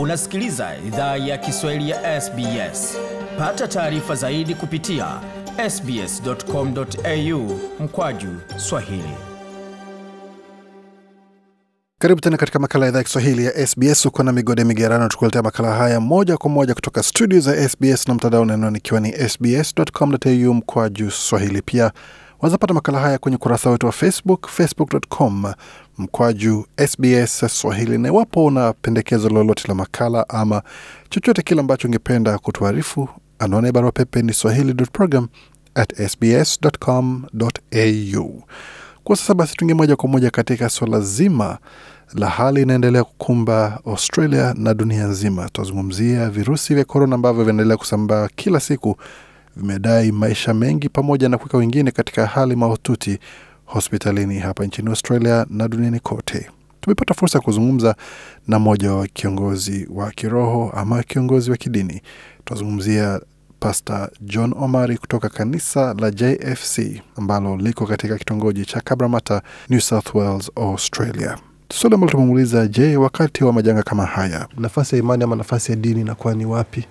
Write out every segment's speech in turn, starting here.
Unasikiliza idhaa ya Kiswahili ya SBS. Pata taarifa zaidi kupitia sbs.com.au mkwaju swahili. Karibu tena katika makala ya idhaa ya Kiswahili ya SBS. Uko na migode migerano, tukuletea makala haya moja kwa moja kutoka studio za SBS na mtandao, na ikiwa ni sbs.com.au mkwaju swahili. Pia wazapata makala haya kwenye ukurasa wetu wa Facebook, facebook.com mkwaju SBS Swahili. Na iwapo una pendekezo lolote la makala ama chochote kile ambacho ungependa kutuarifu, anwani ya barua pepe ni swahili.program@sbs.com.au. Kwa sasa basi, tuingie moja kwa moja katika so zima la hali inaendelea kukumba Australia na dunia nzima. Tutazungumzia virusi vya korona ambavyo vinaendelea kusambaa kila siku vimedai maisha mengi pamoja na kuweka wengine katika hali mahututi hospitalini hapa nchini Australia na duniani kote. Tumepata fursa ya kuzungumza na mmoja wa kiongozi wa kiroho ama kiongozi wa kidini. Tunazungumzia Pasta John Omari kutoka kanisa la JFC ambalo liko katika kitongoji cha Kabramata, New South Wales, Australia. Swali ambalo tumemuuliza, je, wakati wa majanga kama haya nafasi ya imani ama nafasi ya dini inakuwa ni wapi?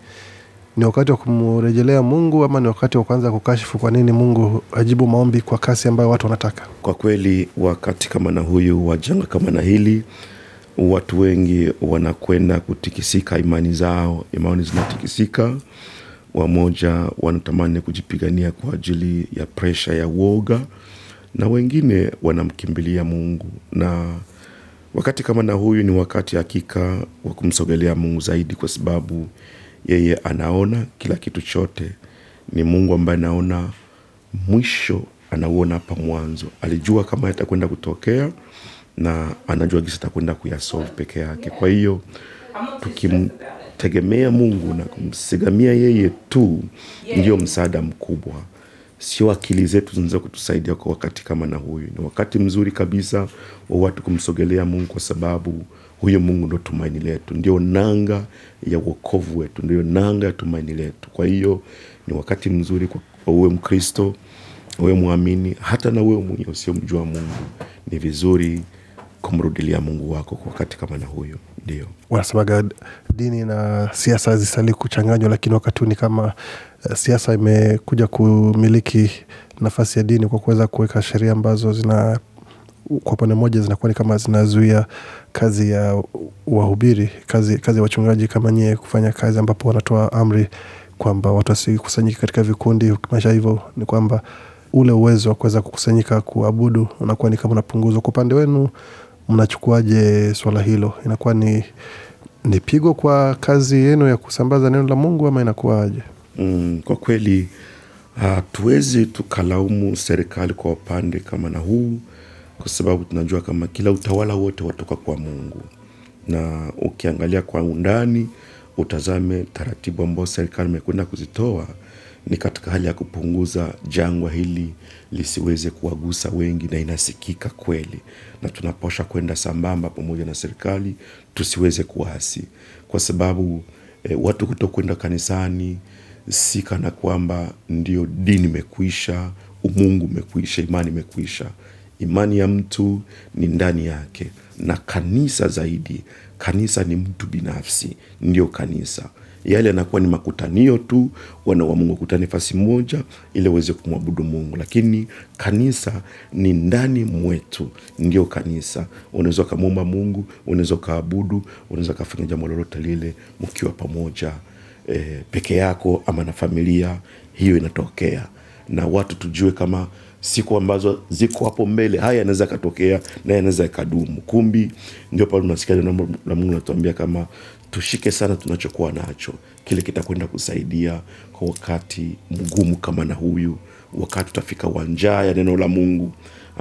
ni wakati wa kumrejelea Mungu ama ni wakati wa kuanza kukashifu kwa nini Mungu ajibu maombi kwa kasi ambayo watu wanataka? Kwa kweli, wakati kama na huyu wa janga kama na hili, watu wengi wanakwenda kutikisika imani zao, imani zinatikisika. Wamoja wanatamani kujipigania kwa ajili ya presha ya uoga, na wengine wanamkimbilia Mungu na wakati kama na huyu ni wakati hakika wa kumsogelea Mungu zaidi, kwa sababu yeye anaona kila kitu chote. Ni Mungu ambaye anaona mwisho, anauona hapa mwanzo. Alijua kama yatakwenda kutokea na anajua gisi atakwenda kuyasolve peke yake. Kwa hiyo tukimtegemea Mungu na kumsigamia yeye tu, ndiyo msaada mkubwa sio akili zetu zinaweza kutusaidia kwa wakati kama na huyu. Ni wakati mzuri kabisa wa watu kumsogelea Mungu kwa sababu huyo Mungu ndo tumaini letu, ndio nanga ya wokovu wetu, ndio nanga ya tumaini letu. Kwa hiyo ni wakati mzuri kwa uwe Mkristo, uwe mwamini, hata na wewe mwenye usiomjua Mungu, ni vizuri kumrudilia Mungu wako kwa wakati kama na huyo ndio wanasemaga dini na siasa zisali kuchanganywa, lakini wakati huu ni kama eh, siasa imekuja kumiliki nafasi ya dini kwa kuweza kuweka sheria ambazo zina kwa upande mmoja zinakuwa ni kama zinazuia kazi ya wahubiri, kazi, kazi ya wachungaji kama nyie kufanya kazi, ambapo wanatoa amri kwamba watu wasikusanyike katika vikundi. Ukimaanisha hivyo ni kwamba ule uwezo wa kuweza kukusanyika kuabudu unakuwa ni kama unapunguzwa. Kwa upande wenu mnachukuaje swala hilo? Inakuwa ni, ni pigo kwa kazi yenu ya kusambaza neno la Mungu ama inakuwaje? Mm, kwa kweli ah, hatuwezi tukalaumu serikali kwa upande kama na huu, kwa sababu tunajua kama kila utawala wote watoka kwa Mungu, na ukiangalia kwa undani utazame taratibu ambao serikali imekwenda kuzitoa ni katika hali ya kupunguza jangwa hili lisiweze kuwagusa wengi, na inasikika kweli, na tunaposha kwenda sambamba pamoja na serikali, tusiweze kuasi, kwa sababu e, watu kutokwenda kanisani si kana kwamba ndio dini imekwisha, umungu umekwisha, imani imekwisha. Imani ya mtu ni ndani yake, na kanisa zaidi, kanisa ni mtu binafsi, ndio kanisa yale yanakuwa ni makutanio tu, wana wa Mungu kutana fasi moja ili waweze kumwabudu Mungu. Lakini kanisa ni ndani mwetu, ndio kanisa. Unaweza ukamwomba Mungu, unaweza ukaabudu, unaweza ukafanya jambo lolote lile mkiwa pamoja, e, peke yako ama na familia. Hiyo inatokea na watu tujue kama siku ambazo ziko hapo mbele, haya yanaweza yakatokea na yanaweza yakadumu. Kumbi ndio pale unasikia na Mungu natuambia kama tushike sana tunachokuwa nacho, kile kitakwenda kusaidia kwa wakati mgumu kama na huyu, wakati utafika wanjaa ya neno la Mungu,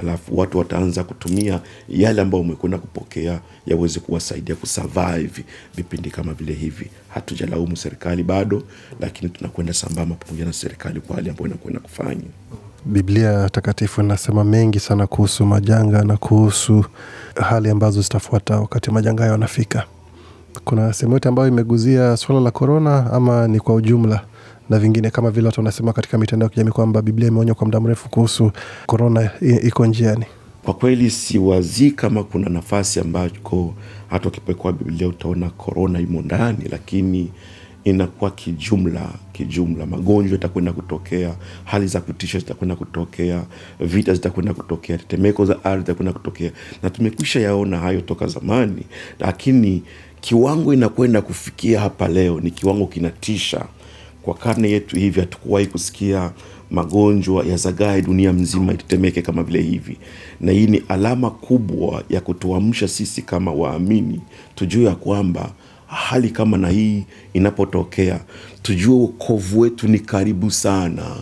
alafu watu wataanza kutumia yale ambayo umekwenda kupokea yaweze kuwasaidia kusurvive vipindi kama vile hivi. Hatujalaumu serikali bado, lakini tunakwenda sambamba pamoja na serikali kwa hali ambayo inakwenda kufanya. Biblia Takatifu inasema mengi sana kuhusu majanga na kuhusu hali ambazo zitafuata wakati majanga hayo yanafika. Kuna sehemu yote ambayo imeguzia swala la korona ama ni kwa ujumla? na vingine kama vile watu wanasema katika mitandao ya kijamii kwamba Biblia imeonywa kwa muda mrefu kuhusu korona iko njiani. Kwa kweli siwazii kama kuna nafasi ambako hata ukipekua Biblia utaona korona imo ndani, lakini inakuwa kijumla kijumla, magonjwa itakwenda kutokea, hali za kutisha zitakwenda kutokea, vita zitakwenda kutokea, tetemeko za ardhi zitakwenda kutokea, na tumekwisha yaona hayo toka zamani, lakini kiwango inakwenda kufikia hapa leo ni kiwango kinatisha. Kwa karne yetu hivi hatukuwahi kusikia magonjwa ya zagae dunia mzima itetemeke kama vile hivi, na hii ni alama kubwa ya kutuamsha sisi kama waamini, tujue ya kwamba hali kama na hii inapotokea, tujue ukovu wetu ni karibu sana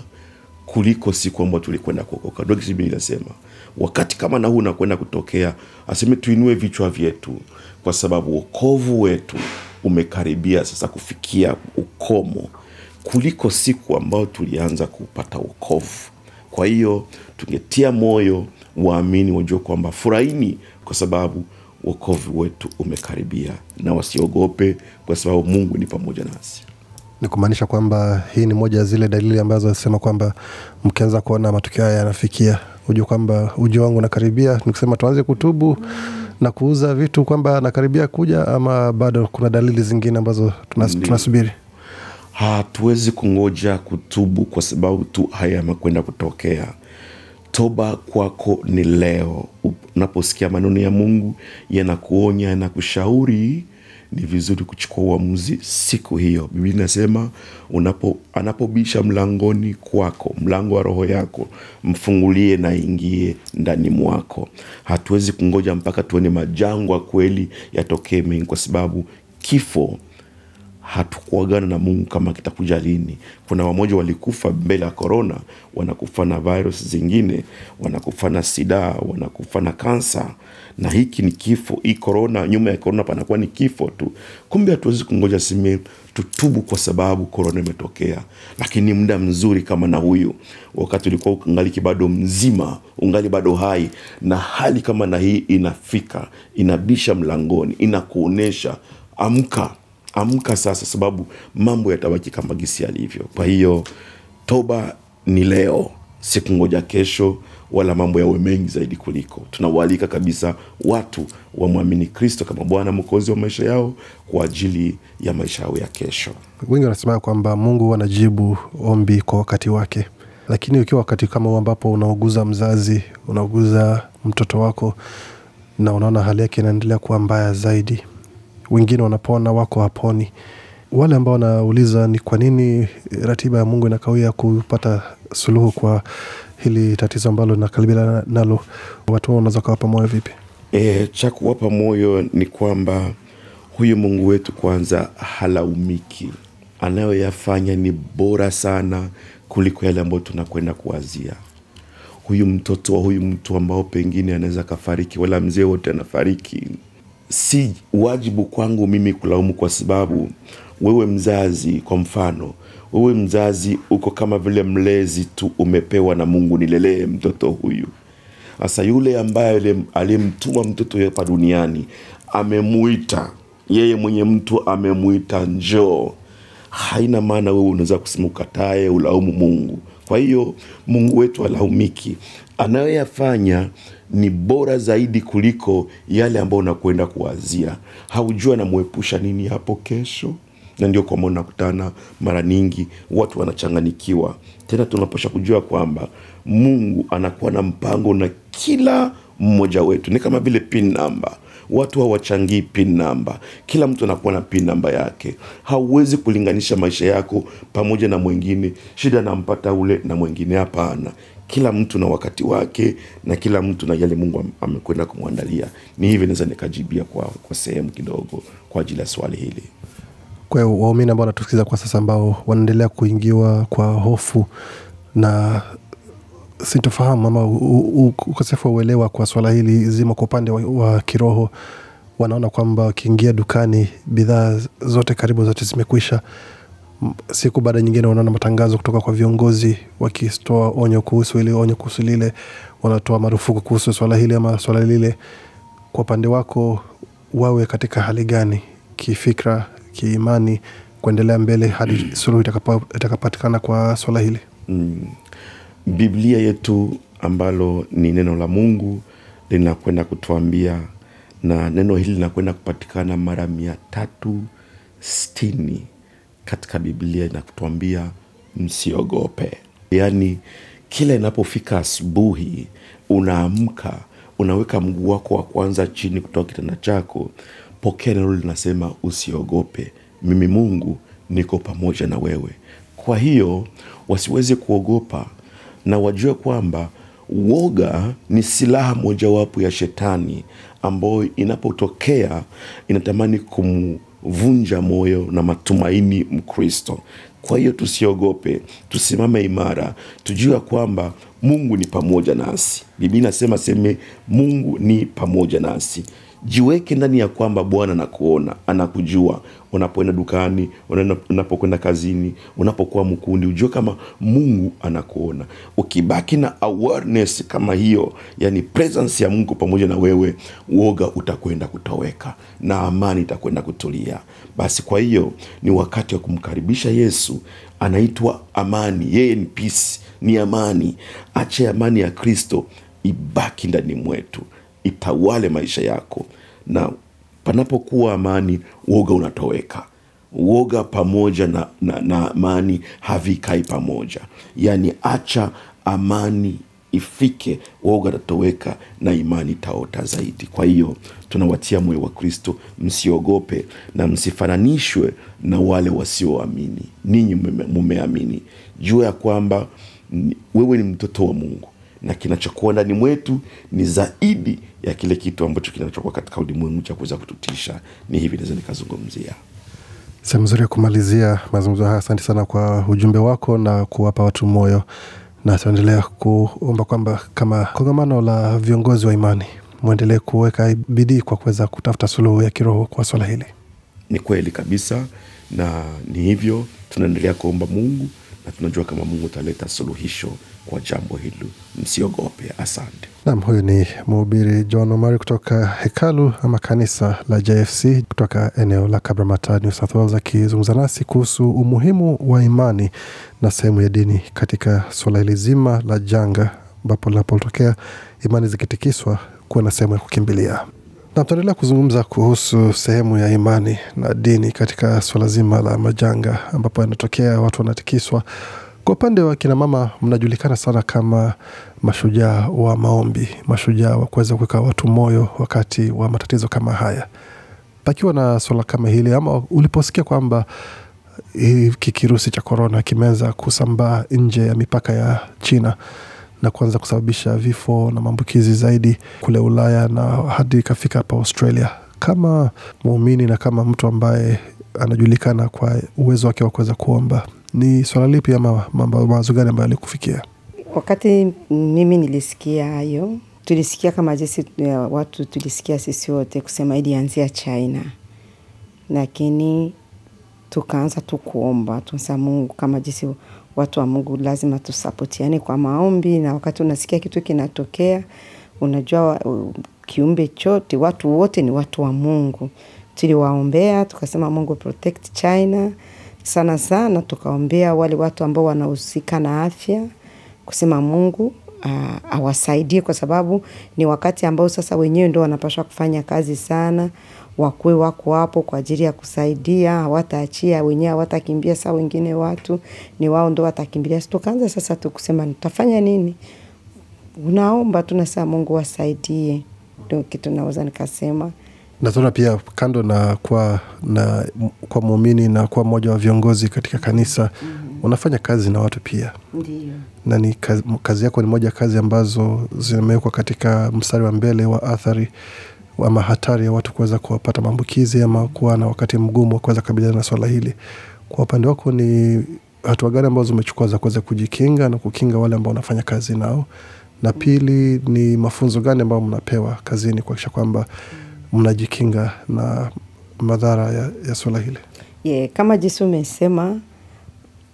kuliko siku ambayo tulikwenda kuokoka. inasema wakati kama na huu unakwenda kutokea, aseme tuinue vichwa vyetu, kwa sababu wokovu wetu umekaribia sasa kufikia ukomo kuliko siku ambayo tulianza kupata wokovu. Kwa hiyo tungetia moyo waamini wajue kwamba furahini, kwa sababu wokovu wetu umekaribia, na wasiogope, kwa sababu Mungu ni pamoja nasi. Ni kumaanisha kwamba hii ni moja ya zile dalili ambazo asema kwamba mkianza kuona matokeo haya yanafikia, hujua kwamba uji wangu unakaribia, nikusema tuanze kutubu na kuuza vitu kwamba anakaribia kuja ama bado kuna dalili zingine ambazo tunas, tunasubiri? Hatuwezi kungoja kutubu kwa sababu tu haya yamekwenda kutokea. Toba kwako ni leo. Unaposikia maneno ya Mungu yanakuonya, yanakushauri ni vizuri kuchukua uamuzi siku hiyo. Biblia inasema unapo, anapobisha mlangoni kwako, mlango wa roho yako, mfungulie na ingie ndani mwako. Hatuwezi kungoja mpaka tuone majangwa kweli yatokee mengi, kwa sababu kifo hatukuagana na Mungu kama kitakuja lini. Kuna wamoja walikufa mbele ya korona, wanakufa na virus zingine, wanakufa na sida, wanakufa na kansa, na hiki ni kifo. Hii korona, nyuma ya korona panakuwa ni kifo tu. Kumbe hatuwezi kungoja sime tutubu kwa sababu korona imetokea, lakini muda mzuri kama na huyu, wakati ulikuwa ungaliki bado mzima, ungali bado hai, na hali kama na hii inafika, inabisha mlangoni, inakuonesha amka amka sasa, sababu mambo yatabaki kama gisi yalivyo. Kwa hiyo toba ni leo, sikungoja kesho wala mambo yawe mengi zaidi kuliko. Tunawaalika kabisa watu wamwamini Kristo kama Bwana Mwokozi wa maisha yao kwa ajili ya maisha yao ya kesho. Wengi wanasema kwamba Mungu anajibu ombi kwa wakati wake, lakini ukiwa wakati kama huu ambapo unauguza mzazi, unauguza mtoto wako na unaona hali yake inaendelea kuwa mbaya zaidi wengine wanapona, wako haponi. Wale ambao wanauliza ni kwa nini ratiba ya Mungu inakawia kupata suluhu kwa hili tatizo ambalo nakalibila nalo, watu wao wanaweza kuwapa moyo vipi? E, cha kuwapa moyo ni kwamba huyu Mungu wetu kwanza halaumiki, anayoyafanya ni bora sana kuliko yale ambayo tunakwenda kuwazia. Huyu mtoto wa huyu mtu ambao pengine anaweza kafariki, wala mzee wote anafariki si wajibu kwangu mimi kulaumu, kwa sababu wewe mzazi, kwa mfano, wewe mzazi uko kama vile mlezi tu, umepewa na Mungu, nilelee mtoto huyu. Sasa yule ambaye aliyemtuma mtoto hapa duniani amemuita yeye mwenye mtu amemuita njoo, haina maana wewe unaweza kusema ukatae, ulaumu Mungu. Kwa hiyo Mungu wetu alaumiki, anayoyafanya ni bora zaidi kuliko yale ambayo unakwenda kuwazia. Haujua anamwepusha nini hapo kesho, na ndio kwa maana nakutana mara nyingi watu wanachanganikiwa. Tena tunapasha kujua kwamba Mungu anakuwa na mpango na kila mmoja wetu, ni kama vile pin namba Watu hawachangii pin namba. Kila mtu anakuwa na pin namba yake. Hauwezi kulinganisha maisha yako pamoja na mwingine, shida nampata ule na mwingine. Hapana, kila mtu na wakati wake na kila mtu na yale Mungu amekwenda kumwandalia. Ni hivi naweza nikajibia kwa, kwa sehemu kidogo kwa ajili ya swali hili. Kwa hiyo waumini ambao wanatusikiza kwa sasa, ambao wanaendelea kuingiwa kwa hofu na sintofahamu ama ukosefu wa uelewa kwa swala hili zima, kwa upande wa, wa kiroho, wanaona kwamba wakiingia dukani bidhaa zote karibu zote zimekwisha siku baada nyingine wanaona matangazo kutoka kwa viongozi wakitoa onyo kuhusu ili onyo kuhusu lile, wanatoa marufuku kuhusu swala hili ama swala lile. Kwa upande wako, wawe katika hali gani kifikra, kiimani, kuendelea mbele hadi mm. suluhu itakapatikana kwa swala hili? Mm. Biblia yetu ambalo ni neno la Mungu linakwenda kutuambia, na neno hili linakwenda kupatikana mara mia tatu stini katika Biblia inakutwambia msiogope. Yaani kila inapofika asubuhi, unaamka, unaweka mguu wako wa kwanza chini kutoka kitanda chako, pokea neno linasema usiogope, mimi Mungu niko pamoja na wewe. Kwa hiyo wasiweze kuogopa na wajue kwamba woga ni silaha mojawapo ya shetani ambayo inapotokea inatamani kum vunja moyo na matumaini Mkristo. Kwa hiyo tusiogope, tusimame imara, tujua kwamba Mungu ni pamoja nasi. Biblia inasema seme, Mungu ni pamoja nasi. Jiweke ndani ya kwamba Bwana anakuona, anakujua unapoenda dukani, unapokwenda kazini, unapokuwa mkundi, ujue kama Mungu anakuona. Ukibaki na awareness kama hiyo, yani presence ya Mungu pamoja na wewe, uoga utakwenda kutoweka na amani itakwenda kutulia. Basi kwa hiyo ni wakati wa kumkaribisha Yesu. Anaitwa amani, yeye ni peace, ni amani. Ache amani ya Kristo ibaki ndani mwetu itawale maisha yako, na panapokuwa amani, woga unatoweka. Woga pamoja na, na, na amani havikai pamoja. Yaani, acha amani ifike, woga utatoweka na imani itaota zaidi. Kwa hiyo tunawatia moyo wa Kristo, msiogope na msifananishwe na wale wasioamini. Ninyi mumeamini, jua ya kwamba wewe ni mtoto wa Mungu na kinachokuwa ndani mwetu ni zaidi ya kile kitu ambacho kinachokuwa katika ulimwengu cha kuweza kututisha. Ni hivi naweza nikazungumzia sehemu nzuri ya kumalizia mazungumzo haya. Asante sana kwa ujumbe wako na kuwapa watu moyo, na tunaendelea kuomba kwamba kama kongamano la viongozi wa imani mwendelee kuweka bidii kwa kuweza kutafuta suluhu ya kiroho kwa swala hili. Ni kweli kabisa, na ni hivyo tunaendelea kuomba Mungu na tunajua kama Mungu ataleta suluhisho wa jambo hilo, msiogope. Asante. Nam, huyu ni mhubiri John Omari kutoka hekalu ama kanisa la JFC kutoka eneo la Kabramata, New South Wales, akizungumza nasi kuhusu umuhimu wa imani na sehemu ya dini katika suala hili zima la janga, ambapo linapotokea imani zikitikiswa, kuwa na sehemu ya kukimbilia na tutaendelea kuzungumza kuhusu sehemu ya imani na dini katika suala zima la majanga ambapo yanatokea, watu wanatikiswa kwa upande wa kina mama, mnajulikana sana kama mashujaa wa maombi, mashujaa wa kuweza kuweka watu moyo wakati wa matatizo kama haya. Pakiwa na swala kama hili, ama uliposikia kwamba hiki kirusi cha korona kimeanza kusambaa nje ya mipaka ya China na kuanza kusababisha vifo na maambukizi zaidi kule Ulaya na hadi ikafika hapa Australia, kama muumini na kama mtu ambaye anajulikana kwa uwezo wake wa kuweza kuomba ni swala lipi ama mawazo gani ambayo alikufikia? Wakati mimi nilisikia hayo, tulisikia kama jinsi eh, watu tulisikia sisi wote kusema ilianzia China, lakini tukaanza tu kuomba tusa Mungu kama jisi watu wa Mungu lazima tusapotiane kwa maombi, na wakati unasikia kitu kinatokea, unajua kiumbe chote, watu wote ni watu wa Mungu. Tuliwaombea tukasema, Mungu protect China sana sana tukaombea wale watu ambao wanahusika na afya, kusema Mungu awasaidie kwa sababu ni wakati ambao sasa wenyewe ndio wanapaswa kufanya kazi sana, wakuwe wako hapo kwa ajili ya kusaidia, hawataachia wenyewe, hawatakimbia saa wengine watu ni wao ndio watakimbilia. Tukaanza sasa tukusema tutafanya nini? Unaomba tunasema Mungu wasaidie, ndio kitu naweza nikasema. Natona pia kando na kwa, na kwa muumini na kuwa mmoja wa viongozi katika kanisa mm. unafanya kazi na watu pia Ndiyo. na ni kazi, kazi yako ni moja kazi ambazo zimewekwa katika mstari wa mbele wa athari ama hatari ya watu kuweza kuwapata maambukizi ama kuwa na wakati mgumu wa kuweza kukabiliana na swala hili. Kwa upande wako ni hatua gani ambazo umechukua za kuweza kujikinga na kukinga wale ambao wanafanya kazi nao, na mm. pili ni mafunzo gani ambayo mnapewa kazini kuakisha kwamba mm mnajikinga na madhara ya, ya swala hili? Yeah, kama jinsi umesema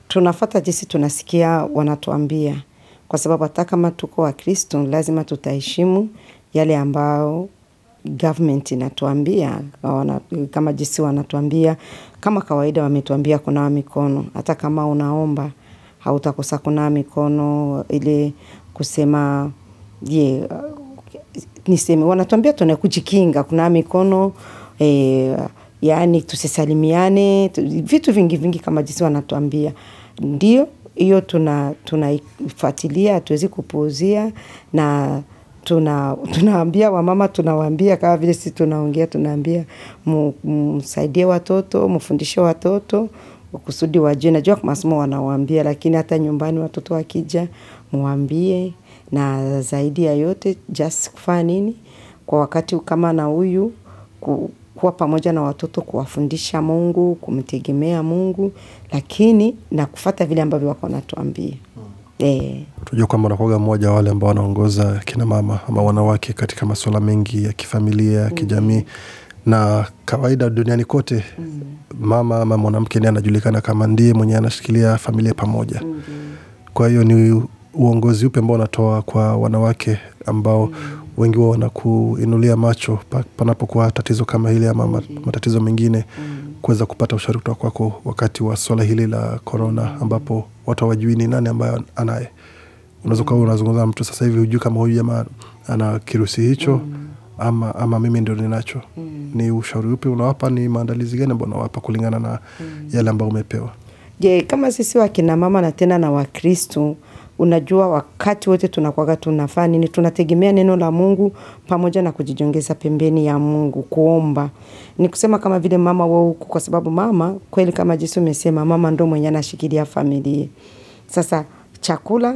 tunafata jinsi tunasikia wanatuambia, kwa sababu hata kama tuko Wakristo lazima tutaheshimu yale ambayo government inatuambia wana, kama jinsi wanatuambia kama kawaida, wametuambia kunawa mikono. Hata kama unaomba hautakosa kunawa mikono, ili kusema je, niseme, wanatuambia tuna kujikinga, kuna mikono e, yani tusisalimiane, vitu vingi vingi kama jinsi wanatuambia. Ndio hiyo tunaifuatilia, tuna hatuwezi kupuuzia na tuna tunaambia wamama, tunawaambia kama vile sisi tunaongea, tunaambia msaidie watoto, mfundishe watoto kusudi wajue. Najua masomo wanawaambia, lakini hata nyumbani watoto wakija, mwambie na zaidi ya yote just kufanya nini kwa wakati kama na huyu kuwa pamoja na watoto kuwafundisha Mungu kumtegemea Mungu lakini na kufata vile ambavyo wako wanatuambia hmm. Eh. Tujua kwamba unakuwaga mmoja wale ambao wanaongoza kina mama ama wanawake katika masuala mengi ya kifamilia, ya kijamii hmm. na kawaida duniani kote mm. mama ama mwanamke ndiye anajulikana kama ndiye mwenye anashikilia familia pamoja. Mm. Kwa hiyo ni uongozi upi ambao unatoa kwa wanawake ambao mm. wengi wao wanakuinulia macho panapokuwa tatizo kama hili ama matatizo mengine mm. kuweza kupata ushauri kutoka kwako wakati wa swala hili la korona, ambapo watu hawajui ni nani ambayo anaye. Unaweza kuwa unazungumza na mtu sasa hivi, hujui kama huyu jamaa ana kirusi hicho mm. ama, ama mimi ndio ninacho mm. ni ushauri upi unawapa? Ni maandalizi gani ambao unawapa kulingana na mm. yale ambayo umepewa? Je, kama sisi wakinamama na tena na Wakristu Unajua wakati wote tunakuwaga tunafaa nini, tunategemea neno la Mungu pamoja na kujijongeza pembeni ya Mungu kuomba. Ni kusema kama vile mama wa huku, kwa sababu mama kweli, kama Yesu amesema, mama ndo mwenye anashikilia familia. Sasa chakula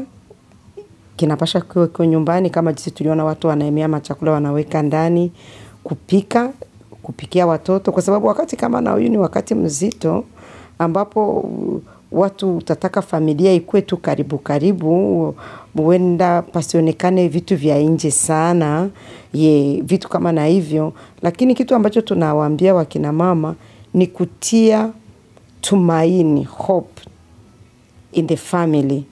kinapasha kiwe nyumbani, kama jinsi tuliona watu wanaemea machakula wanaweka ndani, kupika kupikia watoto, kwa sababu wakati kama na huyu ni wakati mzito ambapo watu utataka familia ikuwe tu karibu karibu, huenda pasionekane vitu vya nje sana, ye, vitu kama na hivyo. Lakini kitu ambacho tunawaambia wakina mama ni kutia tumaini, hope in the family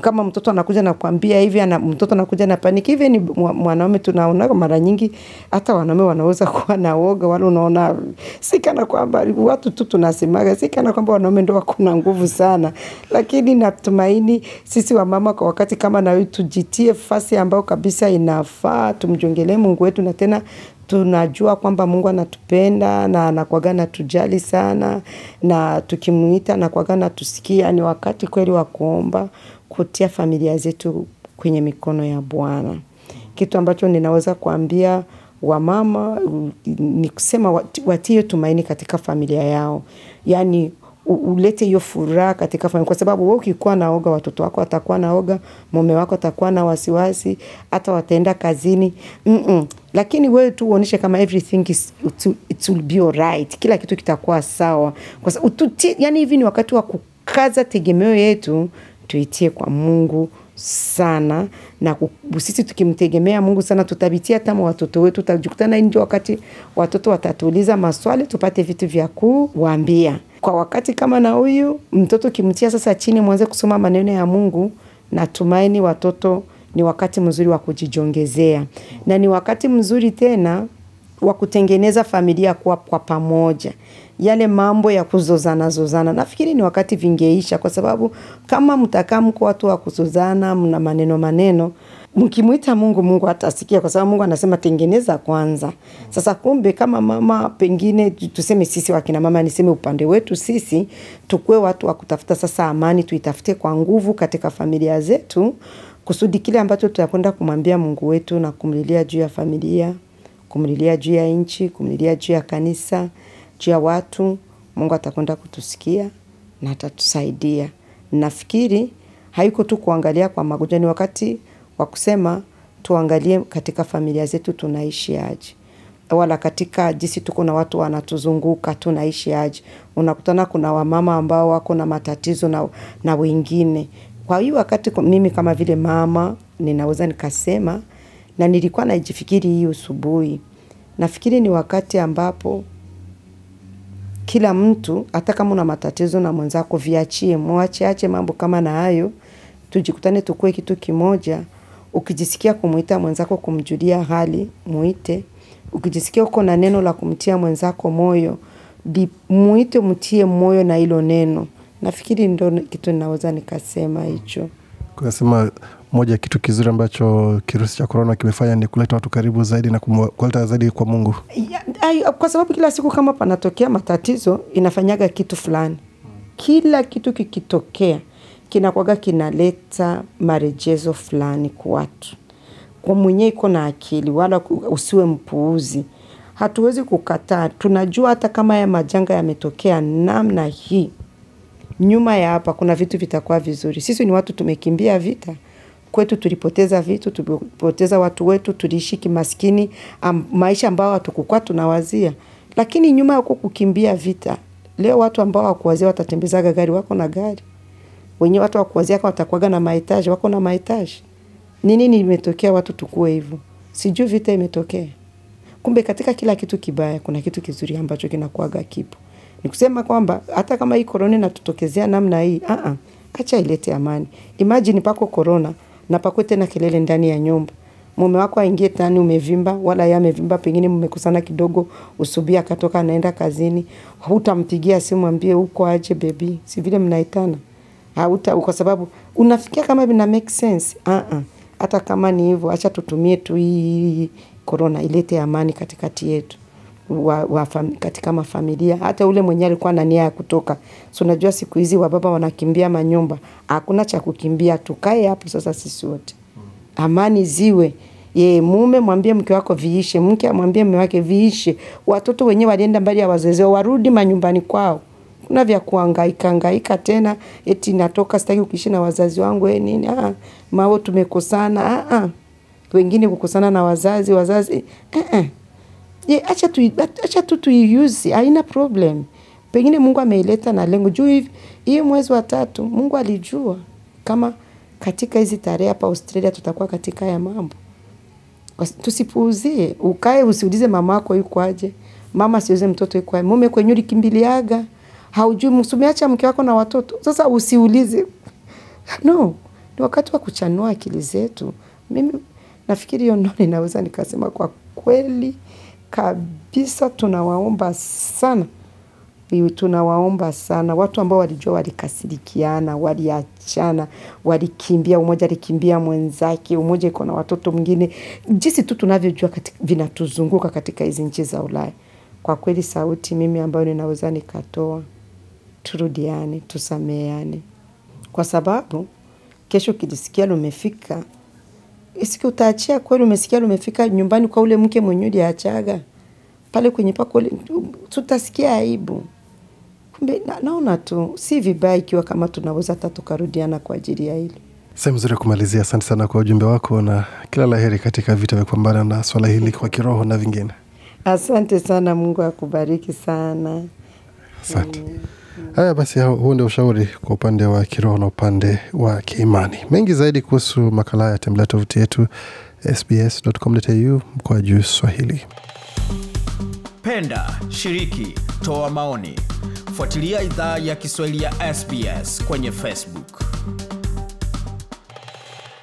kama mtoto anakuja na kuambia hivi ana, mtoto anakuja na paniki hivi, ni mwanaume tunaona mara nyingi, hata wanaume wanaweza kuwa na woga wala, unaona si kana kwamba watu tu tunasimaga si kana kwamba wanaume ndio wako na nguvu sana, lakini natumaini sisi wamama kwa wakati kama na tujitie fasi ambayo kabisa inafaa, tumjongelee Mungu wetu na tena tunajua kwamba Mungu anatupenda na anakuwaga tujali sana, na tukimwita anakuwaga tusikia Ni wakati kweli wa kuomba, kutia familia zetu kwenye mikono ya Bwana. Kitu ambacho ninaweza kuambia wamama ni kusema watie tumaini katika familia yao, yaani ulete hiyo furaha katika familia, kwa sababu wewe ukikuwa naoga, watoto wako watakuwa naoga, mume wako atakuwa na wasiwasi, hata wataenda kazini mm -mm. Lakini wewe tu uonyeshe kama everything is, it will be alright, kila kitu kitakuwa sawa, kwa sababu tuti, yani hivi ni wakati wa kukaza tegemeo yetu, tuitie kwa Mungu sana na sisi tukimtegemea Mungu sana tutabitia hata watoto wetu. Tutajikutana nje wakati watoto watatuuliza maswali, tupate vitu vya kuwaambia kwa wakati kama na huyu mtoto ukimtia sasa chini, mwanze kusoma maneno ya Mungu, natumaini watoto ni wakati mzuri wa kujijongezea na ni wakati mzuri tena wa kutengeneza familia kuwa kwa pamoja. Yale mambo ya kuzozana zozana, nafikiri ni wakati vingeisha, kwa sababu kama mtakaa mko watu wa kuzozana, mna maneno maneno mkimwita Mungu, Mungu atasikia kwa sababu Mungu anasema tengeneza kwanza. Sasa kumbe kama mama, pengine tuseme sisi wakina mama, niseme upande wetu sisi, tukue watu wa kutafuta sasa amani, tuitafute kwa nguvu katika familia zetu, kusudi kile ambacho tutakwenda kumwambia Mungu wetu na kumlilia juu ya familia, kumlilia juu ya nchi, kumlilia juu ya kanisa, juu ya watu, Mungu atakwenda kutusikia na atatusaidia. Nafikiri haiko tu kuangalia kwa magonjwa, ni wakati wa kusema tuangalie katika familia zetu tunaishi aje wala katika jinsi tuko na watu wanatuzunguka tunaishi aje. Unakutana kuna wamama ambao wako na matatizo na, na wengine. Kwa hiyo wakati mimi kama vile mama ninaweza nikasema na nilikuwa naijifikiri hii asubuhi. Nafikiri ni wakati ambapo kila mtu hata kama una matatizo na mwenzako viachie, mwache ache mambo kama na hayo, tujikutane tukue kitu kimoja. Ukijisikia kumuita mwenzako kumjulia hali, muite. Ukijisikia uko na neno la kumtia mwenzako moyo, muite mtie moyo na hilo neno. Nafikiri ndo kitu naweza nikasema hicho. Kunasema moja kitu kizuri ambacho kirusi cha korona kimefanya ni kuleta watu karibu zaidi na kuleta zaidi kwa Mungu, kwa sababu kila siku kama panatokea matatizo inafanyaga kitu fulani. Kila kitu kikitokea kinakwaga kinaleta marejezo fulani kwa watu. Kwa mwenye iko na akili wala usiwe mpuuzi. Hatuwezi kukataa. Tunajua hata kama haya majanga yametokea namna hii. Nyuma ya hapa kuna vitu vitakuwa vizuri. Sisi ni watu tumekimbia vita. Kwetu tulipoteza vitu, tulipoteza watu wetu, tuliishi kimaskini, maisha ambao hatukukuwa tunawazia. Lakini nyuma ya kukimbia vita, leo watu ambao hawakuwazia watatembezaga gari wako na gari wenyewe watu wa kuwazia kama watakuwaga na mahitaji, wako na mahitaji. Ni nini imetokea watu tukue hivyo? Sijui vita imetokea. Kumbe katika kila kitu kibaya kuna kitu kizuri ambacho kinakuaga kipo. Ni kusema kwamba hata kama hii korona inatutokezea namna hii, a a, acha ilete amani. Imagine pako korona na pakwe tena kelele ndani ya nyumba. Mume wako aingie tani umevimba, wala yeye amevimba, pengine mmekusana kidogo, usubia akatoka anaenda kazini. Hutampigia simu ambie uko aje bebi, si vile mnaitana hauta kwa sababu unafikia kama vina make sense uh-uh. Hata kama ni hivyo, acha tutumie tu hii korona ilete amani katikati yetu wa, wa fam, katika mafamilia. Hata ule mwenye alikuwa na nia ya kutoka, so unajua siku hizi wababa wanakimbia manyumba, hakuna cha kukimbia, tukae hapo sasa sisi wote, amani ziwe ye mume mwambie mke wako viishe, mke amwambie mume wake viishe. Watoto wenyewe walienda mbali ya wazazi warudi manyumbani kwao kuna vya kuangaika hangaika tena eti natoka sitaki kuishi na wazazi wangu eh nini ah, ah maana tumekosana ah ah. wengine kukosana na wazazi wazazi eh eh. je acha tu acha tu tu use haina problem pengine Mungu ameileta na lengo juu hivi hii mwezi wa tatu Mungu alijua kama katika hizi tarehe hapa Australia tutakuwa katika haya mambo tusipuuzie ukae usiulize mama yako yuko aje mama siuze mtoto yuko aje mume kwenye Kimbiliaga haujui msumiacha mke wako na watoto. Sasa usiulize no, ni wakati wa kuchanua akili zetu. Mimi nafikiri hiyo ndo ninaweza nikasema kwa kweli kabisa, tunawaomba sana tunawaomba sana watu ambao walijua walikasirikiana, waliachana, walikimbia, umoja alikimbia mwenzake, umoja iko na watoto mwingine, jinsi tu tunavyojua vinatuzunguka katika hizi nchi za Ulaya. Kwa kweli, sauti mimi ambayo ninaweza nikatoa turudiane, tusameane, kwa sababu kesho ukijisikia lumefika isiki utaachia kweli. Umesikia lumefika nyumbani kwa ule mke mwenye uliachaga pale kwenye pako, tutasikia aibu. Kumbe naona tu si vibaya ikiwa kama tunaweza hata tukarudiana kwa ajili ya hilo. Sehemu nzuri ya kumalizia. Asante sana kwa ujumbe wako na kila la heri katika vita vya kupambana na swala hili kwa kiroho na vingine. Asante sana, Mungu akubariki sana. Asante. Mm. Haya basi, huu ndio ushauri kwa upande wa kiroho na upande wa kiimani. Mengi zaidi kuhusu makala ya tembelea tovuti yetu sbs.com.au mkoa juu Swahili. Penda, shiriki, toa maoni, fuatilia idhaa ya Kiswahili ya SBS kwenye Facebook.